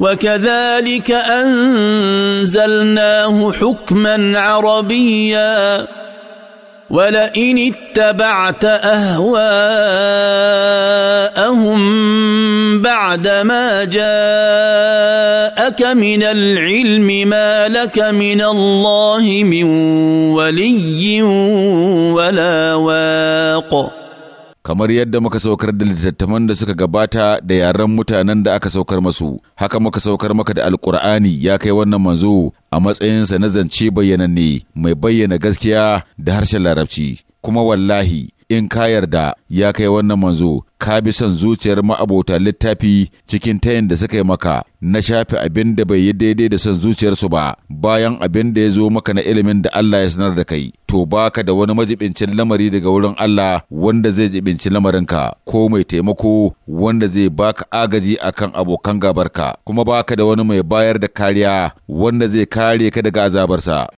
وكذلك انزلناه حكما عربيا ولئن اتبعت اهواءهم بعد ما جاءك من العلم ما لك من الله من ولي ولا واق kamar yadda muka saukar da littattafan da suka gabata da yaren mutanen da aka saukar masu haka muka saukar maka da alkur'ani ya kai wannan manzo a matsayinsa na zance bayyananne mai bayyana gaskiya da harshen larabci kuma wallahi in ka yarda ya kai wannan manzo ka bi son zuciyar ma'abota littafi cikin tayin da suka yi maka na shafe abin da bai yi daidai da son zuciyarsu ba bayan abin da ya zo maka na ilimin da Allah ya sanar da kai to baka da wani majibincin lamari daga wurin Allah wanda zai jibinci lamarinka ko mai taimako wanda zai baka agaji akan abokan gabarka kuma baka da wani mai bayar da kariya wanda zai kare ka daga azabarsa